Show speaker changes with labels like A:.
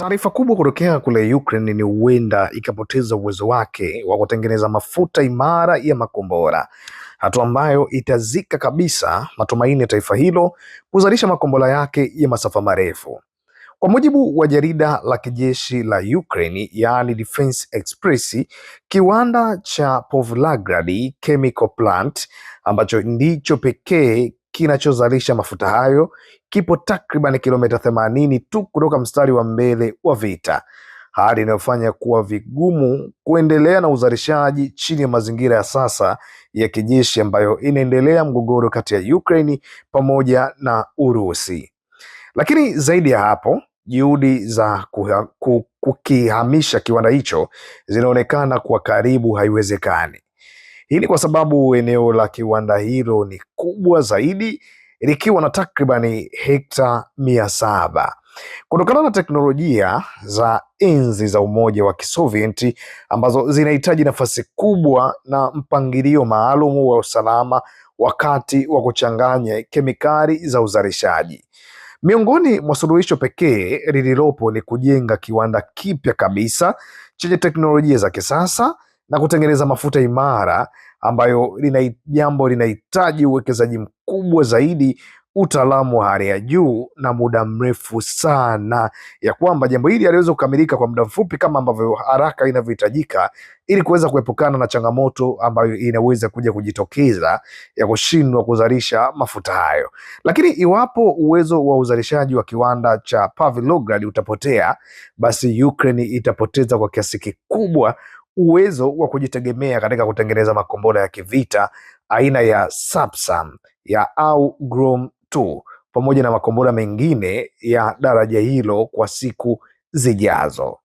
A: Taarifa kubwa kutokea kule Ukraine ni huenda ikapoteza uwezo wake wa kutengeneza mafuta imara ya makombora, hatua ambayo itazika kabisa matumaini ya taifa hilo kuzalisha makombora yake ya masafa marefu. Kwa mujibu wa jarida la kijeshi la Ukraine, yaani Defense Express, kiwanda cha Pavlograd Chemical Plant ambacho ndicho pekee kinachozalisha mafuta hayo kipo takriban kilomita themanini tu kutoka mstari wa mbele wa vita, hali inayofanya kuwa vigumu kuendelea na uzalishaji chini ya mazingira ya sasa ya kijeshi ambayo inaendelea mgogoro kati ya Ukraini pamoja na Urusi. Lakini zaidi ya hapo, juhudi za kukihamisha kiwanda hicho zinaonekana kwa karibu haiwezekani. Hii ni kwa sababu eneo la kiwanda hilo ni kubwa zaidi likiwa na takribani hekta mia saba. Kutokana na teknolojia za enzi za Umoja wa Kisovieti ambazo zinahitaji nafasi kubwa na mpangilio maalum wa usalama wakati wa kuchanganya kemikali za uzalishaji. Miongoni mwa suluhisho pekee lililopo ni kujenga kiwanda kipya kabisa chenye teknolojia za kisasa na kutengeneza mafuta imara ambayo jambo linahitaji uwekezaji mkubwa zaidi, utaalamu wa hali ya juu na muda mrefu sana, ya kwamba jambo hili aliweza kukamilika kwa muda mfupi kama ambavyo haraka inavyohitajika, ili kuweza kuepukana na changamoto ambayo inaweza kuja kujitokeza ya kushindwa kuzalisha mafuta hayo. Lakini iwapo uwezo wa uzalishaji wa kiwanda cha Pavlograd utapotea, basi Ukraine itapoteza kwa kiasi kikubwa uwezo wa kujitegemea katika kutengeneza makombora ya kivita aina ya Sapsam ya au Grom 2 pamoja na makombora mengine ya daraja hilo kwa siku zijazo.